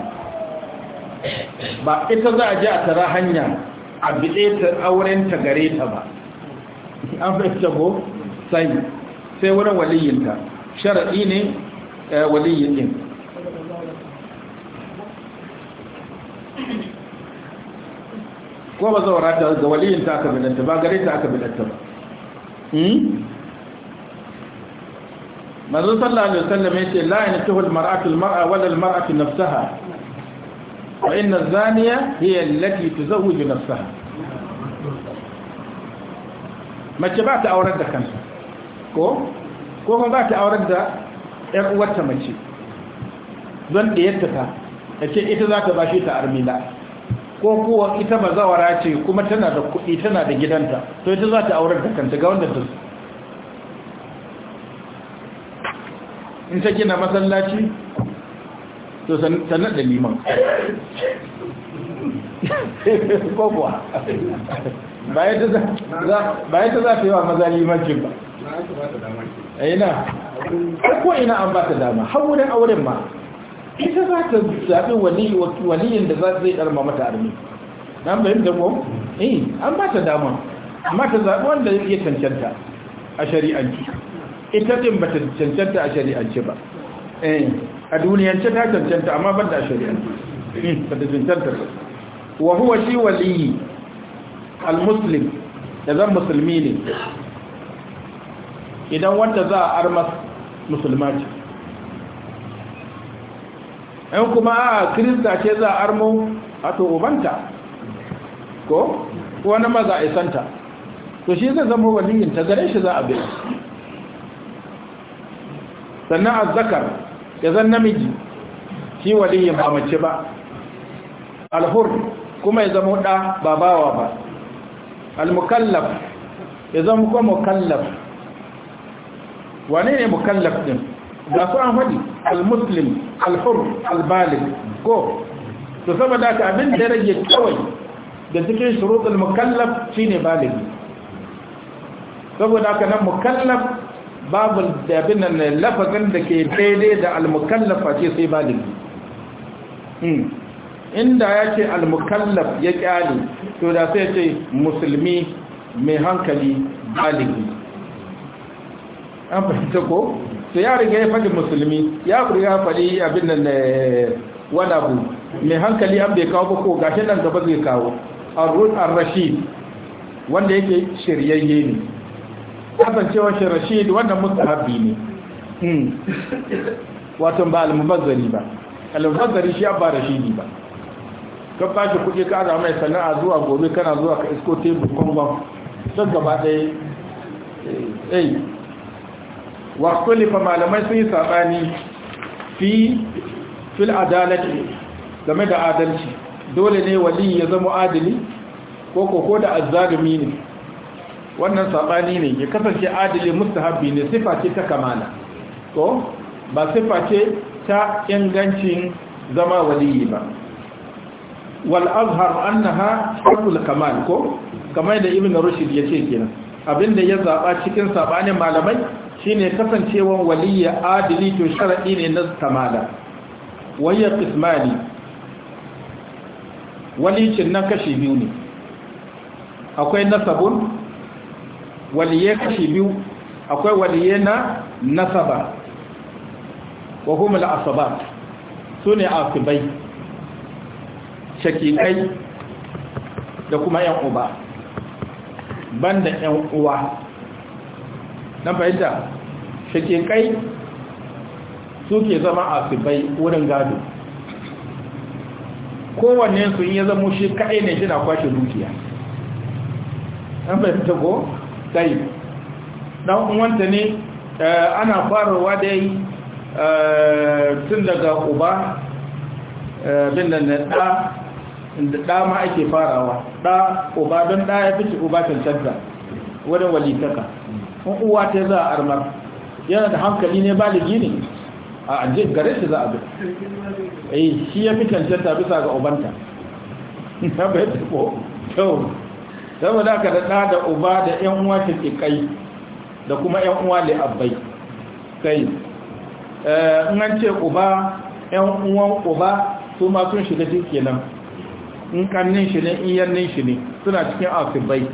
ba ita za a ji a tara hanya a biɗe ta auren ta gare ta ba an fahimta ko sai sai wurin waliyinta sharaɗi ne eh, waliyin ɗin ko ba zaura ta ga waliyinta aka bidanta ba gare ta aka bidanta ba hmm? manzo sallallahu alaihi wasallam yace la yankahu al-mar'atu mara wala al-mar'atu nafsaha وإن الزانية zaniya التي تزوج نفسها ما mace ba ta aurar da kanta ko kuma ba ta aurar da ƴar uwarta mace ko kuwa ita bazawara ce kuma tana da kuɗi tana da gidanta to ita za ta aurar da kanta ga wanda ta in ta gina masallaci to sannan da liman ko kuwa bayan ta za ta yi wa maza limancin ba a yi na ko ina an ba ta dama haurin auren ma ita za ta zaɓi waliyin da za ta zai ɗarma mata armi na bayan da ko? eh an ba ta dama amma ta zaɓi wanda ya cancanta a shari'anci ita ɗin ba ta cancanta a shari'anci ba eh a duniyance ta cancanta amma ban da shari'a ba ta cancanta ba wa huwa shi wali al-muslim da zan musulmi ne idan wanda za a armas musulma ce ɗan kuma a kirista ce za a armo a to ubanta ko wani maza a isanta to shi zai zama waliyin ta gare shi za a bai sannan a zakar. ya zan namiji shi waliyin ba mace ba alhur kuma ya zama da ba bawa ba almukallaf ya zama kuma mukallaf wane ne mukallaf ɗin ga su an faɗi almuslim alhur albalik ko to saboda ka abin da rage kawai da cikin shuruɗin mukallaf shine baligi saboda ka nan mukallaf babu dabin nan lafazin da ke daidai da almukallafa ce sai baligi hmm. inda ya ce almukallaf ya kyale to da sai ce musulmi mai hankali baligi an fahimta ko to ya riga ya faɗi musulmi ya riga faɗi abin nan eh, wani abu mai hankali an bai kawo ko gashi nan gaba zai kawo ar-rashid wanda yake shiryayye ne kasancewar shi rashid wannan mustahabi ne hmm. wato ba al-mubazzari ba al-mubazzari shi ba rashidi ba ka ba shi kuɗi ka azama mai sana'a zuwa gobe kana zuwa ka isko tebu kongon sun gaba ɗaya ɗai eh, eh. fa malamai sun yi saɓani fi fil adalati game da adalci dole ne wali ya zama adali ko ko da azzalumi ne wannan sabani ne ya kasance adali mustahabi ne sifa ce ta kamala to ba sifa ce ta ingancin zama waliyi ba wal azhar annaha shartul kamal ko kamar da ibn rushd yace kenan abinda ya zaba cikin sabanin malamai shine kasancewan waliyi adili to shar'i ne na kamala waya qismani cin na kashi biyu ne akwai nasabun waliye kashi biyu akwai waliye na nasaba wa humul asaba su ne asibai shakikai da kuma yan uba banda yan uwa nan fahimta shakikai suke zama asibai wurin gado kowanne su yi zama shi kaɗai ne shi na kwashe dukiya an fahimta ko kai dan uwanta ne eh, ana farawa dai eh, tun daga uba eh, bin da da da ma ake farawa da uba don da ya fice uba cancanta wani walitaka in uwa ta za a armar yana da hankali ne baligi ne a ajiyar gare shi za a bi eh shi ya fi cancanta bisa ga ubanta na bai ko kyau saboda ka da da uba da yan uwa tikai da kuma yan uwa li abbai kai eh in an ce uba yan uwan uba su ma sun shiga cikin nan in kannin shi ne in yannin shi ne suna cikin asibai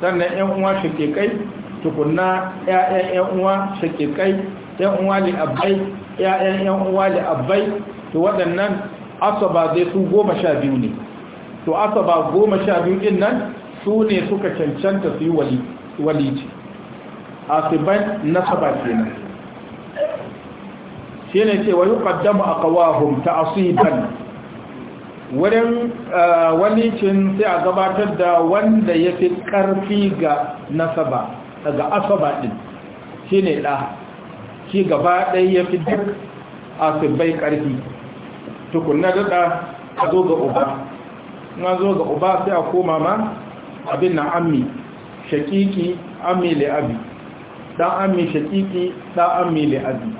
sannan yan uwa shakikai tukunna ƴaƴan yan uwa shakikai yan uwa li abbai ƴaƴan yan uwa li abbai to waɗannan asaba zai su goma sha biyu ne to asaba goma sha biyu din nan su ne suka cancanta su yi waliji asiban nasaba nan. shi ne ce wani yi ƙaddama a kawahun ta asiban wurin eh, walicin sai a gabatar da wanda ya fi ƙarfi ga nasaba daga asaba din shi ne ɗa shi gaba ɗaya ya fi duk asibai ƙarfi na daɗa a zo ga uba na zo ga uba sai a koma ma abin na ammi shakiki ammi li abi dan ammi shakiki dan ammi li abi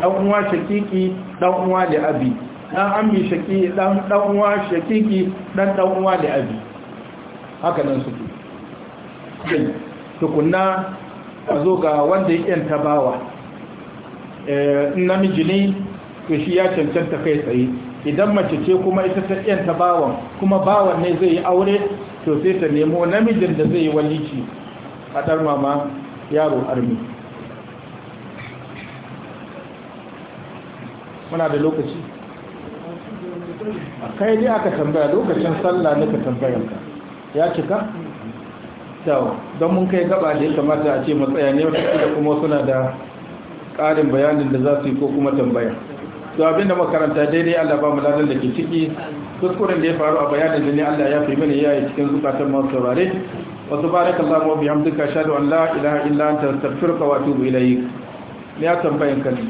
dan uwa shakiki dan uwa le abi dan ammi shakiki dan dan uwa shakiki dan dan uwa le abi haka nan suke tukunna a zo ga wanda ya yanta bawa eh, namiji ne to shi ya cancanta kai tsaye idan mace ce kuma ita ta yanta bawan kuma bawan ne zai yi aure to sai ta nemo namijin da zai yi walici a mama yaro armi muna da lokaci A kai dai aka tambaya lokacin sallah ne ka tambayar ka ya cika tawo don mun kai gaba da ya kamata a ce matsaya ne wata kuma suna da ƙarin bayanin da za su yi ko kuma tambaya to abinda makaranta daidai Allah ba mu ladan da ke ciki kuskuren da ya faru a bayanin da ne Allah ya fi mana yayi cikin zukatan masu saurare wa subhanakallahu wa bihamdika ashhadu an la ilaha illa anta astaghfiruka wa atubu ilayk ne ya tambayan kan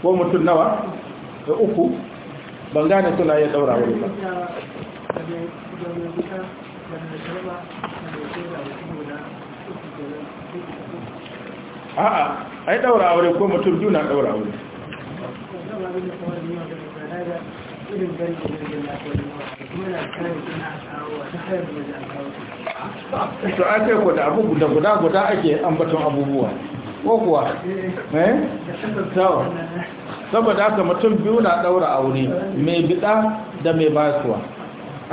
ko mutum nawa da uku ban gane suna ya daura wani ba a'a ai daura aure ko mutum biyu na daura aure to an kai kuda abu guda guda guda ake ambaton abubuwa ko kuwa eh saboda haka mutum biyu na daura aure mai bida da mai basuwa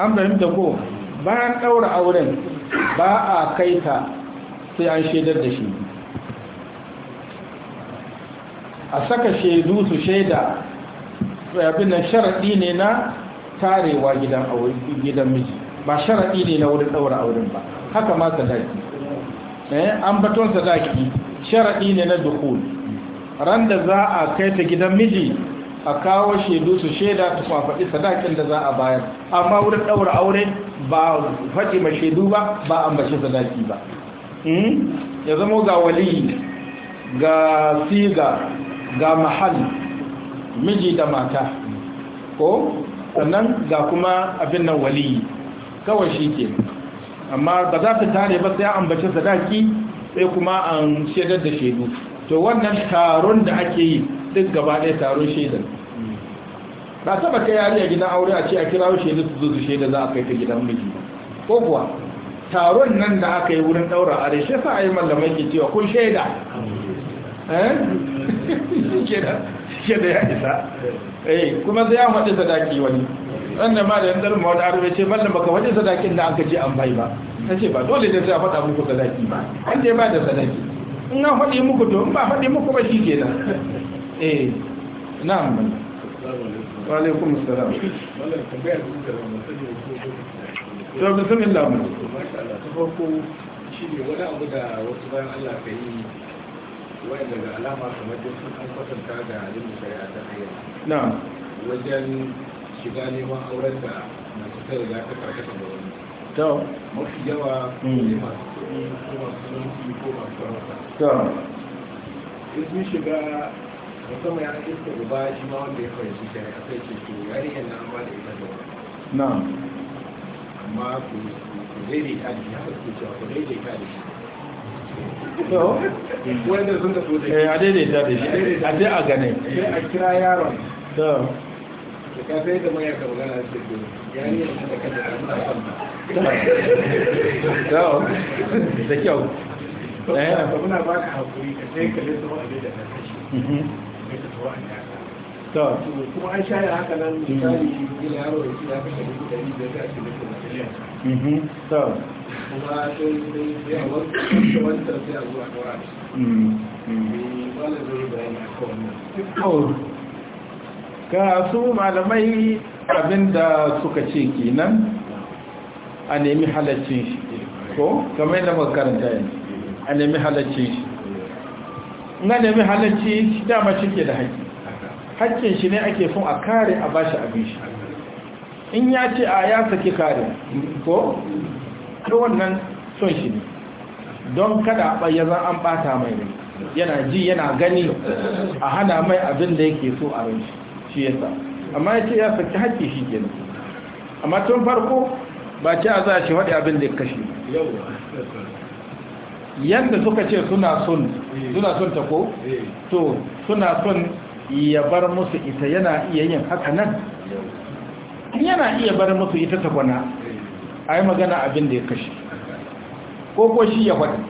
an fahimta ko bayan daura auren ba a kai sai an shaidar da shi a saka shaidu su shaida abin nan sharaɗi ne na tarewa gidan miji ba sharaɗi ne na wurin ɗaura auren ba haka ma sadaki eh, an baton sadaki sharaɗi ne na dukul ran da za a kai ta gidan miji a kawo shaidu su shaida ta kuma sadakin da za a bayar amma wurin ɗaura aure ba faɗi ma shaidu ba ba an ambaci sadaki ba hmm? ya zama ga wali ga siga ga mahal miji da mata ko sannan ga kuma abin nan wali kawai shi ke amma ba za ta tare ba sai ambaci sadaki sai kuma an shaidar da shaidu to wannan taron da ake yi duk gaba ɗaya taron shaidar ba taba kai yari a gidan aure a ce a kirawo shaidu su zuzu shaida za a kai ta gidan miji ko kuwa taron nan da aka yi wurin ɗaura a shi sa a yi mallamai ke cewa kun shaida eh? ke da shi da ya isa eh kuma zai ya faɗi sadaki wani wanda ma da yan tsarin mawada arabe ce mallam baka waje sadakin da an kace an bai ba ta ba dole da sai a fada muku sadaki ba an je ba da sadaki in an fadi muku to in ba fadi muku ba shi ke eh na'am wa alaikum assalam to bismillah ma sha Allah to farko shi ne wani abu da wasu bayan Allah kai wanda da alama kamar duk an kwatanta da abin da shari'a ta ayyana na'am wajen shiga neman auren da masu ta riga ta karkata da wani to mafi yawa ne masu kuɗi ko masu sunanci ko masu sarauta to in sun shiga musamman ya iska uba shi ma wanda ya fahimci shari'a sai ce to yarinyar na an ba da ita da wani na'am amma ku daidaita da shi haka ku cewa ku daidaita da shi wanda sun eh, ka soje a a yaron da da da to yaro ya kuma a wancan mm, mm. malamai abinda suka ce kinan a nemi halacci ko kamar da makaranta yanzu a nemi halacci shi na nemi halacci shi dama cike da haƙƙi haƙƙin shi ne ake fun a kare a bashi abin shi in ya ce a ya saki kare ko to wannan son shi ne don kada ya zan an bata mai ne yana ji yana gani a hana mai abin da yake so a rai shi sa amma ya ce ya saki haƙƙi shi ke amma tun farko ba ce a za shi waɗi abin da ya kashe yadda suka ce suna son suna son ta ko to suna son ya bar musu ita yana iya yin haka nan yana iya bar musu ita ta kwana a yi magana abin da ya kashe ko ko shi ya faɗi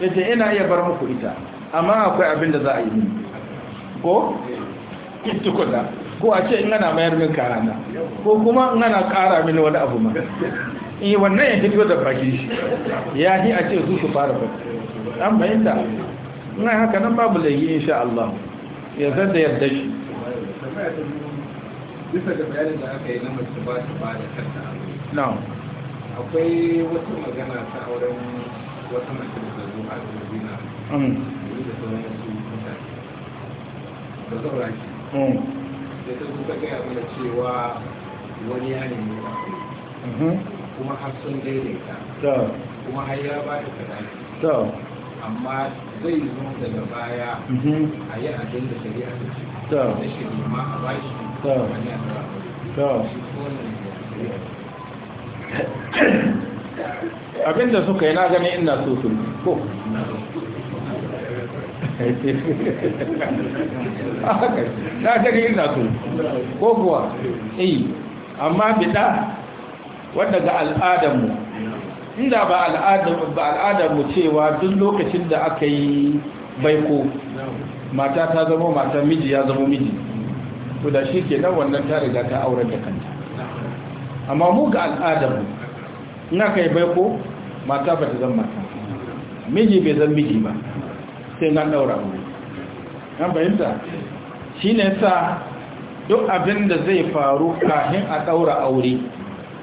ya ce ina iya bar muku ita amma akwai abin da za a yi ne ko ittukuda ko a ce in ana mayar min karana ko kuma in ana ƙara mini wani abu ma in eh, wannan ya fito da baki shi ya yi a ce su su fara faɗi an bayyanta ina haka nan babu laifi insha Allah ya zan da yarda shi bisa ga bayanin da aka yi na mace ba ta ba da kanta akwai wata magana ta auren wata mace da zo a Madina mm. da sauran su mutane da zaura ki mm. da ta zo gaya mana cewa wani ya nemi aure mm-hmm. kuma har sun daidaita kuma har ya ba da kadaki amma zai zo daga baya mm-hmm. a yi abin da shari'a ta ce na shirya ma a bashi wani a shi ko ne abinda suka yi na gani ina so su ko na gani ina so ko kuwa eh amma bida wadda ga al'adarmu inda ba al'adarmu cewa duk lokacin da aka yi baiko mata ta zama mata miji ya zama miji to da shi ke nan wannan ta riga ta auren da kan amma mu ga al'adar mu in aka yi baiko mata ba ta zama mata miji bai zan miji ba sai na daura mu an fahimta shi ne sa duk abin da zai faru kafin a daura aure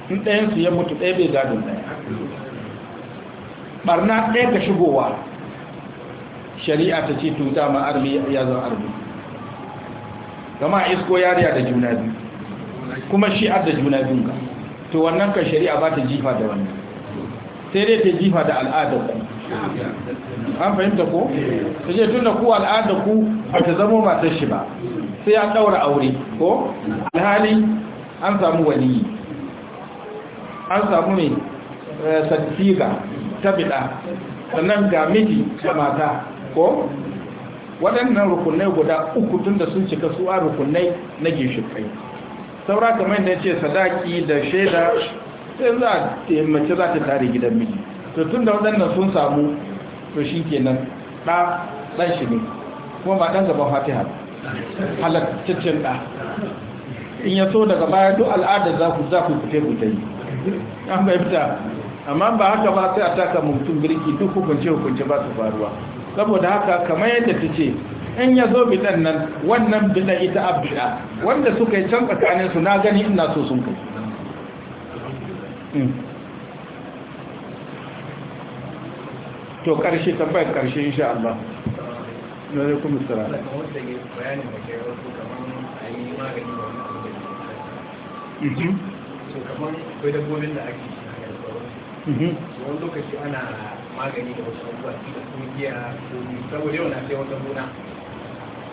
in ɗayansu ya mutu ɗaya bai gadin ɗaya barna ɗaya ga shigowa shari'a ta ce to dama armi ya zan armi kama isko yariya da juna biyu kuma shi'ar da juna biyu ga to wannan kan shari'a ba ta jifa da wannan sai dai ta jifa da al'adar ku an fahimta ko sai ce ku al'adar ku ba ta zamo matar shi ba sai an daura aure ko alhali an samu wani an samu ne eh, sattiga ta bida sannan ga miji da mata ko waɗannan rukunai guda uku tun da sun cika su a rukunai na kai saura kamar da ce sadaki da shaida sai za a mace za ta tare gidan miji to tun da waɗannan sun samu to shi kenan ɗa ɗan shi ne kuma ba ɗan gaban fatiha halattaccen ɗa in ya so daga baya duk al'ada za ku fite ku yi an bai fita amma ba haka ba sai a taka mutum birki duk hukunce hukunce ba su faruwa saboda haka kamar yadda ta ce in ya zo bidan nan wannan bidan ita abida wanda suka yi can tsakanin su na gani ina so sun kai hmm. to karshe tabbayar karshe insha Allah na zai kuma tsara kamar a mhm. yi mhm. dabbobin da wani abu da ake shi wani lokaci ana magani da wasu abubuwa cikin kungiya saboda yau na sai wata gona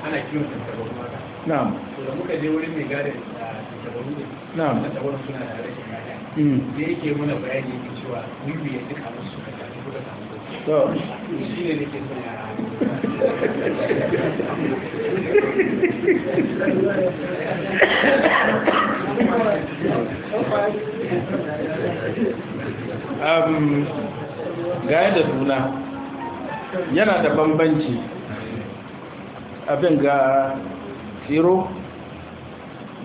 ana kiwon tantabaru maka na'am to da muka je wurin mai gadin ah, tantabaru ne na'am tantabaru suna da rashin yaya mm. da yake mana bayani yake cewa mun biya duka musu ka tafi kuka samu to shi ne nake son yara um, ga yadda suna yana da bambanci abin ga tsiro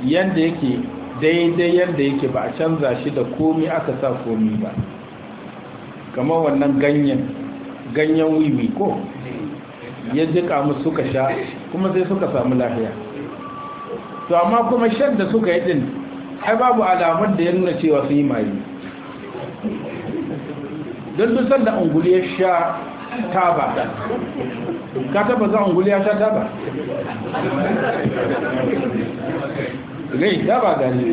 yadda yake daidai yadda yake ba a canza shi da komi aka sa komi ba kamar wannan ganyen ganyen wiwi ko ya kamu suka sha kuma sai suka samu lafiya to amma kuma shan da suka yi din ai babu alamun da ya nuna cewa sun yi mayu don dusar da unguli ya sha taba ka taba za unguli ya sha taba gai taba gani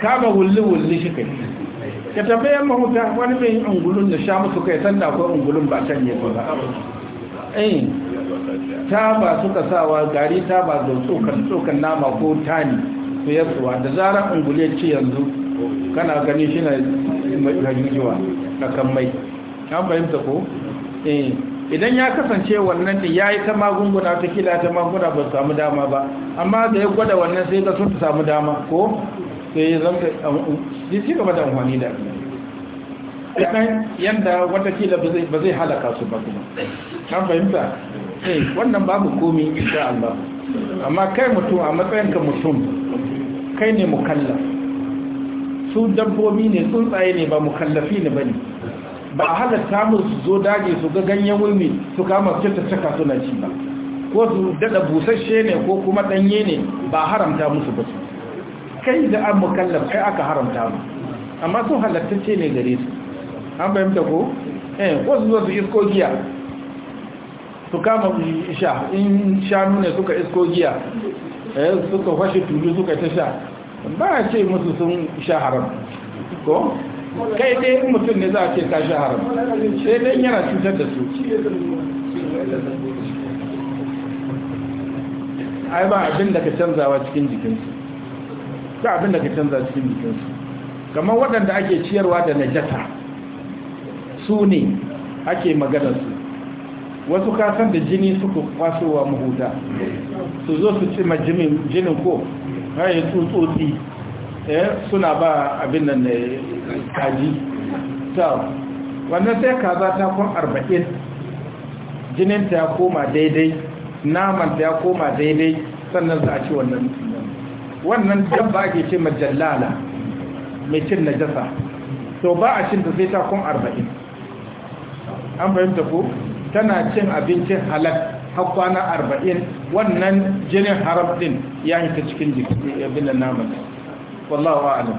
ka ba wulli-wulli shi kai ka tafiyan mahuta wani mai ungulun da sha musu kai sanda ko ungulun ba can yi ba eh, Ta ba suka sawa gari taba da tsokan tsokan nama ko tani su yasuwa da zarar ungule ci yanzu kana gani shi na yi hajjiwa na kan mai an fahimta ko Eh, idan ya kasance wannan din ya yi ta magunguna ta kila ta magunguna ba samu dama ba amma da ya gwada wannan sai ka sun samu dama ko sai ya zanta da eh, eh, ci gaba da amfani da yanda wata kila ba zai halaka su ba kuma an fahimta wannan babu komi insha Allah amma kai mutum a matsayinka mutum kai ne mukalla su dabbobi ne tsuntsaye ne ba mukallafi ne ba ne ba a halatta mun su zo daji su ga ganyen wulmi su kama su caka suna ci ba ko su dada busasshe ne ko kuma danye ne ba haramta musu ba su. kai da an mukallam kai aka haramta mu amma sun ce ne gare su an fahimta ko eh ko su zo su isko giya su kama sha in shanu ne suka isko giya eh suka fashe tulu suka ta sha ba a ce musu sun sha haram ko kai dai in mutum ne za a ce ka haram sai dai yana cutar da su ai ba abin da ka canzawa cikin jikinsu ba abin da ka canza cikin jikinsu kamar waɗanda ake ciyarwa da najata su ne ake maganarsu wasu kasan da jini suka kwasowa mahuta su zo su ci jinin ko hayan tsutsotsi eh, suna ba abin nan eh, kaji to wannan sai kaza ta kun 40 jininta ya koma daidai namanta ya koma daidai sannan za a ci wannan wannan dabba ake ce majallala mai cin najasa to ba a cin ta sai ta kun arba'in an fahimta ko tana cin abincin halal har kwana arba'in wannan jinin haram din ya ta cikin jikin abin da naman wallahu a'lam